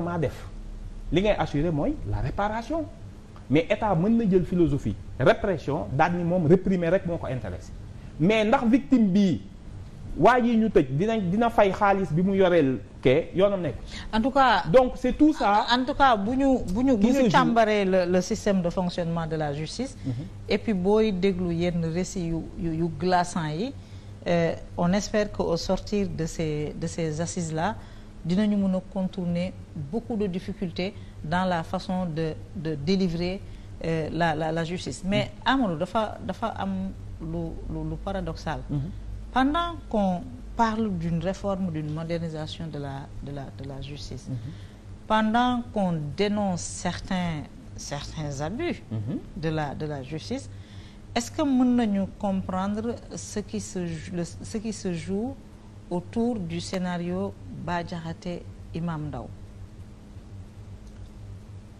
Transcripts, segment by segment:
gouvernement def li ngay assurer mooy la réparation mais état mën na jël philosophie répression daal ni moom réprimer rek moo ko intéressé mais ndax victime bi waa ji ñu tëj dina dina fay xaalis bi mu yoreel kee yoonam nekk. en tout cas donc c'est tout ça. en tout cas bu ñu bu ñu bu ñu càmbaree le le système de fonctionnement de la justice. Mm et puis booy déglu yenn récits yu yu yu glaçant yi euh, on espère que au sortir de ces de assises là. dinañu mën a contourner beaucoup de difficultés dans la façon de de délivrer euh, la la la justice mais mm. Amadou dafa dafa am lu lu lu paradoxal mm-hmm. pendant qu'on parle d'une réforme d'une modernisation de la de la de la justice mm-hmm. pendant qu'on dénonce certains certains abus mm-hmm. de la de la justice est-ce que mën nañu comprendre se le, ce qui se joue autour du scénario Bah Diakhaté Imam Ndao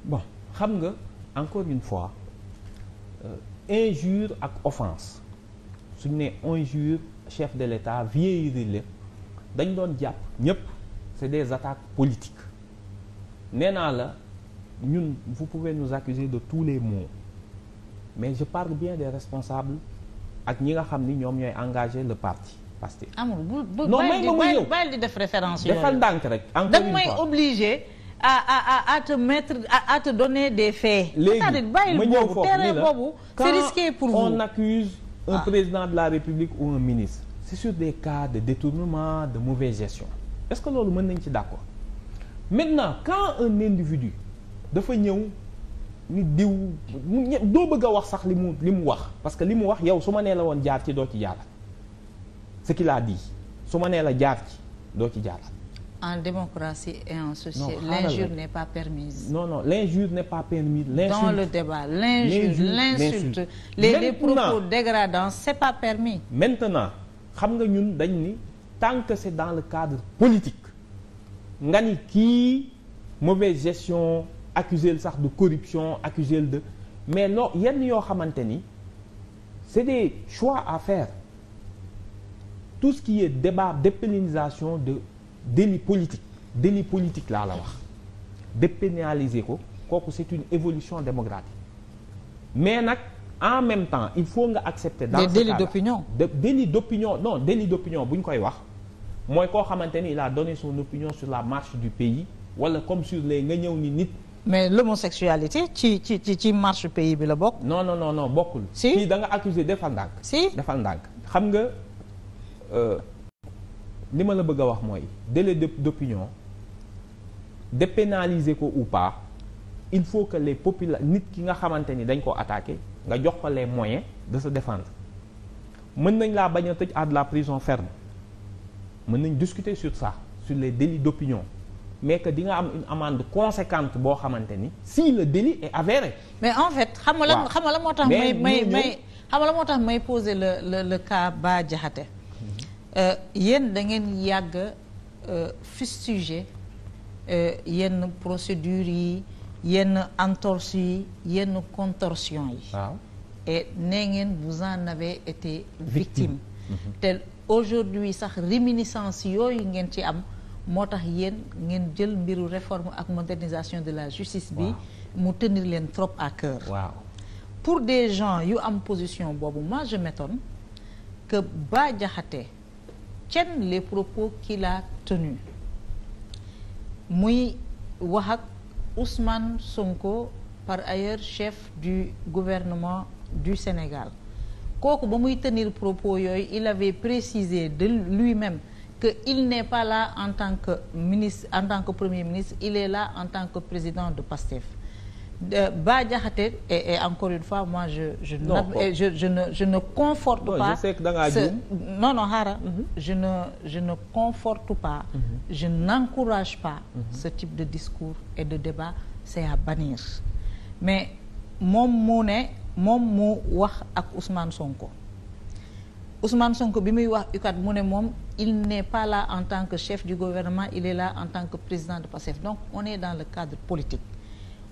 bon xam nga encore une fois euh, injure ak offense suñ ne injure chef de l'État vieillir dañ doon jàpp ñëpp c'est des attaques politiques nee naa la ñun vous pouvez nous accuser de tous les maux mais je parle bien des responsables ak ñi nga xam ni ñoom ñooy engager le parti Pastef. amul bu bu bàyyi di def référence yooyu defal ndànk rek. encore une fois da may obligé à à à te mettre à à te donner des faits. léegi ma ñëw foofu terrain boobu c'est risqué pour vous. quand on accuse un ah. président de la République ou un ministre. c'est sur des cas de détournement de mauvaise gestion est-ce que loolu mën nañ ci d'accord maintenant quand un individu dafa ñëw ni diw doo bëgg a wax sax li mu li mu wax parce que li mu wax yow su ma nee la woon jaar ci doo ci jaar ce qu'il a su ma nee la jaar ci doo ci jaaraat. en démocratie et en société. l'injure n'est pas permise. non non l'injure n'est pas permise. l'insulte dans le débat l'injure l'insulte les maintenant xam nga ñun dañ ni tant que c'est dans le cadre politique nga ni kii mauvaise gestion accusé sax de corruption accusé de mais loo yenn yoo xamante ni c'est des choix à faire. tout ce qui est débat dépénalisation de délit politique délit politique laa la wax dépénaliser ko kooku c'est une évolution démocratique mais nag en même temps il faut nga accepter dans ce cas d'opinion délit d'opinion non délit koy wax mooy koo xamante ni il a donné son opinion sur la marche du pays wala comme sur les nga ñëw ni nit mais l'homosexualité ci ci ci ci marche pays bi la bokk non non non non bokkul si da nga accuser defal ndànk si defal ndànk Euh, li ma la bëgg a wax mooy délai d'opinion dépénaliser ko ou pas il faut que les popula nit ki nga xamante ni dañ ko attaqué nga jox ko le moyen de se défendre mën nañ laa bañ a tëj à la prison ferme mën nañ discuter sur ça sur les délits d'opinion mais que di nga am une amende conséquente boo xamante ni si le délit et avéré. mais en fait xam nga lan xam nga lan moo tax. may may may xam moo tax may poser la le le cas Bah Diakhaté Euh, yéen da ngeen yàgg euh, fustiger euh, yenn procédures yi yenn entorse yi yenn contorsion yi et nee ngeen bu en avez été victime mm-hmm. te aujourd'hui sax réminiscence yooyu ngeen ci am moo tax yéen ngeen jël mbiru réforme ak modernisation de la justice bi mu tenir leen trop à cœur waaw pour des gens yu am position boobu moi je m'étonne que Bah Diakhaté tienne les propos qu'il a tenus muy wax ak Ousmane Sonko par ailleurs chef du gouvernement du Sénégal kooku ba muy tenir propos yooyu il avait précisé de lui-même que il n'est pas là en tant que ministre en tant que premier ministre il est là en tant que président de PASTEF Euh, bah Diakhaté et, et encore une fois moi je je, non, je, je ne je ne conforte non, pas je sais que da ngaa juum non non xaaral mhm. je ne conforte pas mm -hmm. je pas mhm. ce type de discours et de débat c'est à bannir mais moom mu ne moom mu wax ak Ousmane Sonko Ousmane Sonko bi muy wax UCAD mu ne moom il n'est pas là en tant que chef du gouvernement il est là en tant que président de PASTEF donc on est dans le cadre politique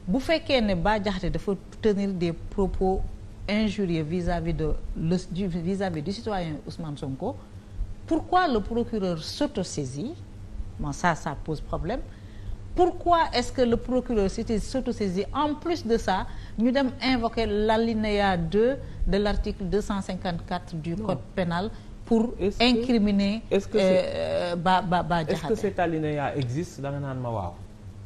bu fekkee ne Bah dafa tenir des propos injurieux vis-à-vis de le vis-à-vis du citoyen Ousmane Sonko pourquoi le procureur s'autosaisit bon ça ça pose problème pourquoi est-ce que le procureur s'autosaisit en plus de ça ñu dem invoquer l'alinéa 2 de l'article 254 du non. code pénal pour est-ce incriminer que, est-ce que euh, Bah Bah Diakhaté est-ce que cet alinéa existe da nga naan ma waaw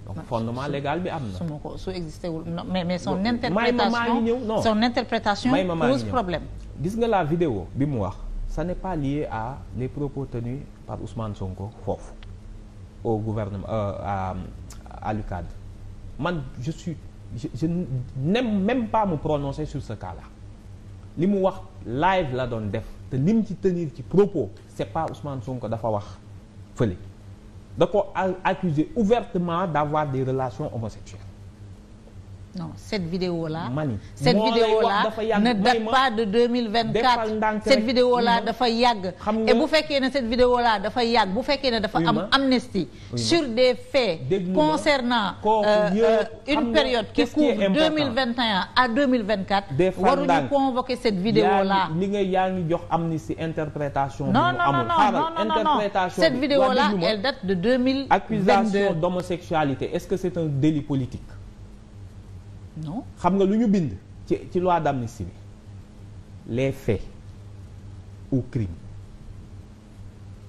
donc fondement légal bi am na. su ma ko su existé wul mais mais son interprétation son interprétation pose problème. gis nga la vidéo bi mu wax ça n'est pas lié à les propos tenus par Ousmane Sonko foofu au gouvernement euh, à à man je suis je, je n'aime même pas me prononcer sur ce cas li mu wax live la doon def te lim ci tenir ci propos c'est pas Ousmane Sonko dafa wax fële. da ko accuser ouvertement d'avoir des relations homosexuelles non cette vidéo là. mani cette vidéo là ne date pas de 2024 cette vidéo là dafa yàgg. et bu fekkee ne cette vidéo là dafa yàgg bu fekkee ne dafa am amnistie. sur des faits. concernant euh, euh, une période qui couvre 2021 à 2024. waruñu convoquer cette vidéo là. li nga yaa ngi jox amnistie interprétation. bi mu amul xaaral interprétation cette vidéo là elle date de 2022. accusation d'homosexualité est-ce que c'est un délit politique. non xam nga lu ñu bind ci ci loi d'amnistie bi les faits ou crimes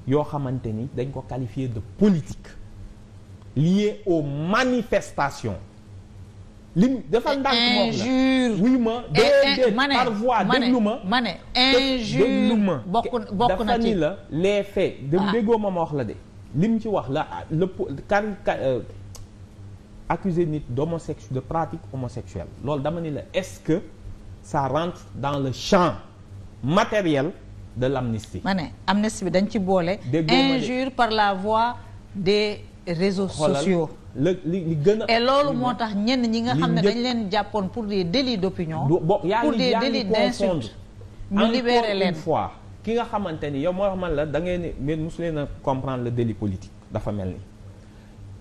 yoo xamante ni dañ ko qualifier de politique liée aux manifestations lim dafa ndànk moom la wuy ma déedéet par voie déglu ma ma ne injure déglu ma bokk na ci dafa ni la les faits dem ah. déggoo ma ma wax la de lim ci wax la le euh, accuser nit d'homosex de pratique homosexuelle loolu dama ni la est-ce que ça rentre dans le champ matériel de l'amnistie ma ne amnistie bi dañ ci boole injure par la voie des réseaux sociaux li li gën a et loolu moo tax ñenn ñi nga xam ne dañ leen jàppoon pour des délits d'opinion pour des délits d'insulte ñu libéré leen fois ki nga xamante ni yow moo man la da ngeen ni mais mosu leen a comprendre le délit politique dafa mel ni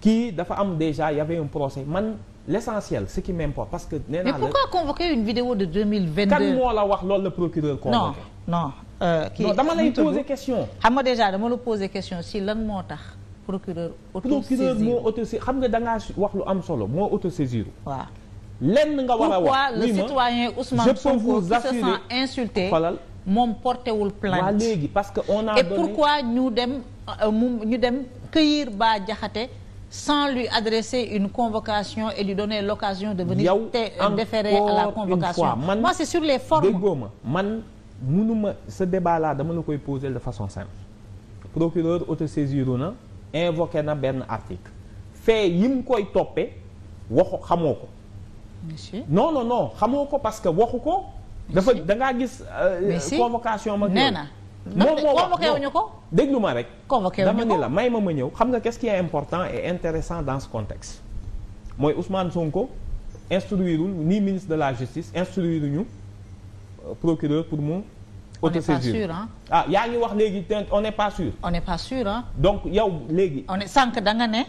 kii dafa am déjà y avait procès man l'essentiel ce qui m'importe parce que. nee naa la mais pourquoi convoquer une vidéo de kan moo la wax lool la procureur convoqué. non non euh, kii. non dama lay poser question. xam nga déjà dama la poser question si lan moo tax. procureur autosaisir procureur xam nga da wax lu am solo moo autosaisir. waaw lenn nga war a wax. pourquoi le citoyen Ousmane Sonko qui se sent insulté. falal moom portewul plainte. parce que on a. et pourquoi ñu dem euh, mu ñu dem cueillir Bah Diakhaté. sans lui adresser une convocation et lui donner l'occasion de venir te déférer à la convocation fois, man, moi c'est sur les formes déggoo ma man munuma ce débat là dama la koy poser de façon simple procureur autosaisiru na invoqué na benn article fait yi mu koy toppee waxu xamoo ko non non non xamoo ko parce que waxu ko dafa dangaa gis euh, convocation ma nee na moom moo wax convoqué ko déglu ma rek. convoqué wuñu ko may ma ma ñëw xam nga qu'est-ce qui est important et intéressant dans ce contexte. mooy Ousmane Sonko instruirul ni ministre de la justice instruiruñu euh, procureur pour mu. autosaisir ah yaa ngi wax léegi on n'est pas sûr. on n'est pas sûr hein? donc yow léegi. on ne sànq da nga ne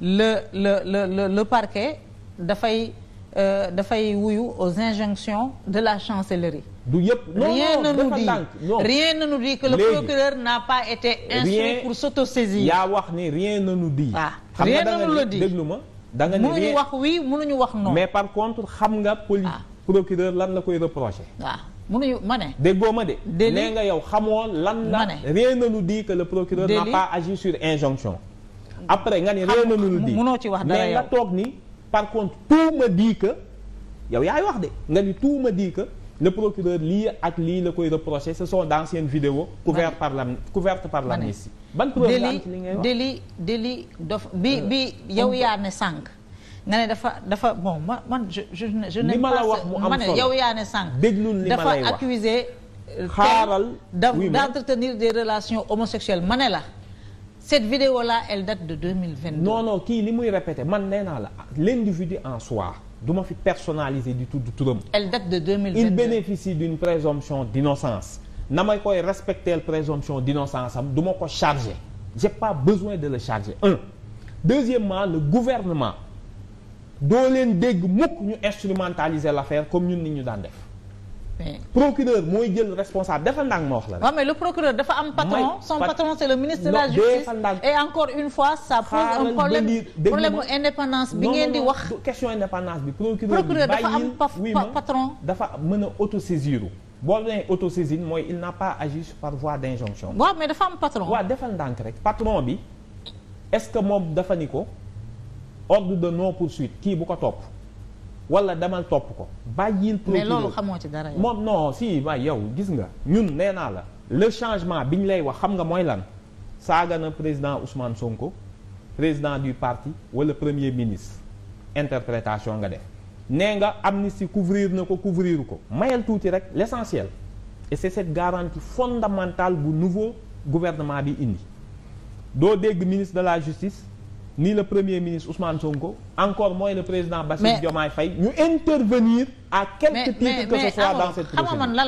le le le le le parquet dafay euh, dafay wuyu aux injonctions de la chancellerie. du yëpp non rien ne nous dit n'a pas été instruit pour s'autosaisir yaa wax ni rien ne nous dit waaw ah, xam nga da nga déglu ma da nga ni mënuñu wax mais par contre xam nga poli ah. procureur lan la koy reproché waaw ah, mënuñu ma ne déggoo ma de nee nga yow xamoo lan la rien ne nous dit que le procureur n'a pas agi sur injonction après nga ni rien ne nous dit mënoo ci wax dara mais nga toog ni par contre tout me dit que yow yaay wax de nga ni tout me dit le procureur lii ak lii la koy reproché ce sont d'anciennes vidéos couvertes par la couvertes par l'amnistie ban preuve la ci li ngay wax délit délit dof bi euh, bi yow yaa ne sànq nga ne dafa dafa bon ma man je je je ne ma la wax mu am solo yow yaa ne sànq déglul li ma lay wax dafa accuser euh, xaaral d'entretenir des relation homosexuelles ma la cette vidéo la elle date de 2022 non non kii li muy répété man nee naa la l'individu en soi du ma fi personnaliser di tout du turam. de 2022 il bénéficie d'une présomption d'innocence na may koy respecter présomption d'innocence am du ma ko charger j'ai pas besoin de le charger un deuxièmement le gouvernement doo leen dégg mukk ñu instrumentaliser l'affaire comme ñun nit ñu daan def procureur mooy jël responsable defal ndànk ma wax la rek. waaw mais le procureur dafa am patron. son patron c'est le ministre de la justice. et encore une fois ça pose un problème problème mu indépendance bi ngeen di wax. question indépendance bi. procureur dafa am patron dafa mën a autosaisir. boo nee autosaisine mooy il n'a pas agi par voie d'injonction. waaw mais dafa am patron. waaw defal ndànk rek patron bi est-ce que moom dafa ni ko ordre de non poursuite kii bu ko topp. wala demal topp ko bàyyil procureur mais loolu xamoo ci dara moom non si waay yow gis nga ñun nee naa la le changement bi ñu lay wax xam nga mooy lan saaga na président Ousmane Sonko président du parti wala premier ministre interprétation nga def nee nga amnistie couvrir na ko couvrir ko mayal tuuti rek l'essentiel et c'est cette garantie fondamentale bu nouveau gouvernement bi indi doo dégg ministre de la justice nii le premier ministre Ousmane Sonko encore mooy le président Bassirou Diomaye Faye ñu intervenir à quelque titre que ce soit dans cette procédure